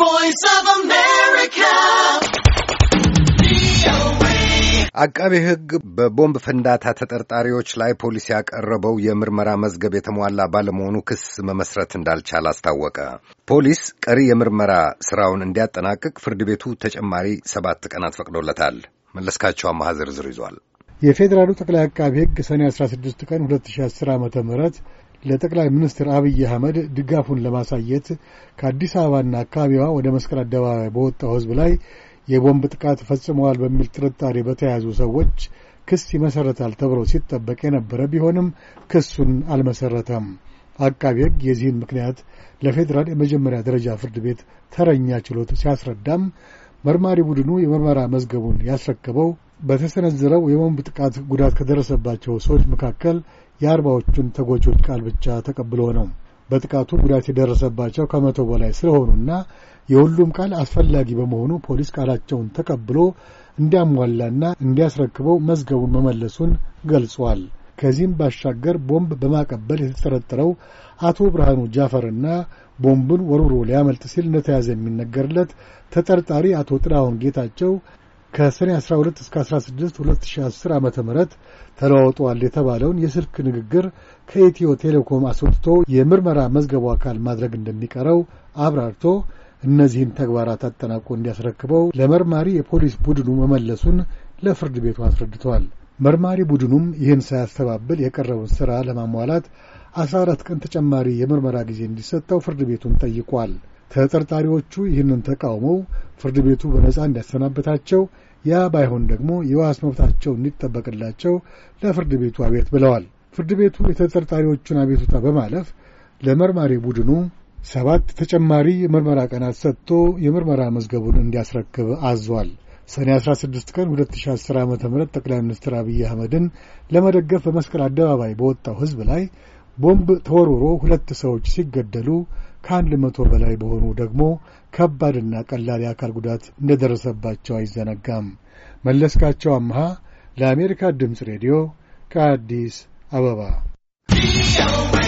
voice of America. አቃቤ ሕግ በቦምብ ፍንዳታ ተጠርጣሪዎች ላይ ፖሊስ ያቀረበው የምርመራ መዝገብ የተሟላ ባለመሆኑ ክስ መመስረት እንዳልቻል አስታወቀ። ፖሊስ ቀሪ የምርመራ ስራውን እንዲያጠናቅቅ ፍርድ ቤቱ ተጨማሪ ሰባት ቀናት ፈቅዶለታል። መለስካቸው አማሃ ዝርዝር ይዟል። የፌዴራሉ ጠቅላይ አቃቤ ሕግ ሰኔ 16 ቀን 2010 ዓ ም ለጠቅላይ ሚኒስትር አብይ አህመድ ድጋፉን ለማሳየት ከአዲስ አበባና አካባቢዋ ወደ መስቀል አደባባይ በወጣው ህዝብ ላይ የቦምብ ጥቃት ፈጽመዋል በሚል ጥርጣሬ በተያያዙ ሰዎች ክስ ይመሠረታል ተብሎ ሲጠበቅ የነበረ ቢሆንም ክሱን አልመሠረተም። አቃቢ ሕግ የዚህን ምክንያት ለፌዴራል የመጀመሪያ ደረጃ ፍርድ ቤት ተረኛ ችሎት ሲያስረዳም መርማሪ ቡድኑ የምርመራ መዝገቡን ያስረከበው በተሰነዘረው የቦምብ ጥቃት ጉዳት ከደረሰባቸው ሰዎች መካከል የአርባዎቹን ተጎጂዎች ቃል ብቻ ተቀብሎ ነው። በጥቃቱ ጉዳት የደረሰባቸው ከመቶ በላይ ስለሆኑና የሁሉም ቃል አስፈላጊ በመሆኑ ፖሊስ ቃላቸውን ተቀብሎ እንዲያሟላና እንዲያስረክበው መዝገቡን መመለሱን ገልጿል። ከዚህም ባሻገር ቦምብ በማቀበል የተጠረጠረው አቶ ብርሃኑ ጃፈርና ቦምብን ወርውሮ ሊያመልጥ ሲል እንደተያዘ የሚነገርለት ተጠርጣሪ አቶ ጥላሁን ጌታቸው ከሰኔ 12 እስከ 16 2010 ዓ ም ተለዋውጧል የተባለውን የስልክ ንግግር ከኢትዮ ቴሌኮም አስወጥቶ የምርመራ መዝገቡ አካል ማድረግ እንደሚቀረው አብራርቶ እነዚህን ተግባራት አጠናቆ እንዲያስረክበው ለመርማሪ የፖሊስ ቡድኑ መመለሱን ለፍርድ ቤቱ አስረድቷል። መርማሪ ቡድኑም ይህን ሳያስተባብል የቀረበውን ሥራ ለማሟላት 14 ቀን ተጨማሪ የምርመራ ጊዜ እንዲሰጠው ፍርድ ቤቱን ጠይቋል። ተጠርጣሪዎቹ ይህንን ተቃውመው ፍርድ ቤቱ በነጻ እንዲያሰናበታቸው፣ ያ ባይሆን ደግሞ የዋስ መብታቸው እንዲጠበቅላቸው ለፍርድ ቤቱ አቤት ብለዋል። ፍርድ ቤቱ የተጠርጣሪዎቹን አቤቱታ በማለፍ ለመርማሪ ቡድኑ ሰባት ተጨማሪ የምርመራ ቀናት ሰጥቶ የምርመራ መዝገቡን እንዲያስረክብ አዟል። ሰኔ 16 ቀን 2010 ዓ ም ጠቅላይ ሚኒስትር አብይ አህመድን ለመደገፍ በመስቀል አደባባይ በወጣው ህዝብ ላይ ቦምብ ተወርውሮ ሁለት ሰዎች ሲገደሉ ከአንድ መቶ በላይ በሆኑ ደግሞ ከባድና ቀላል የአካል ጉዳት እንደደረሰባቸው አይዘነጋም። መለስካቸው አምሃ ለአሜሪካ ድምፅ ሬዲዮ ከአዲስ አበባ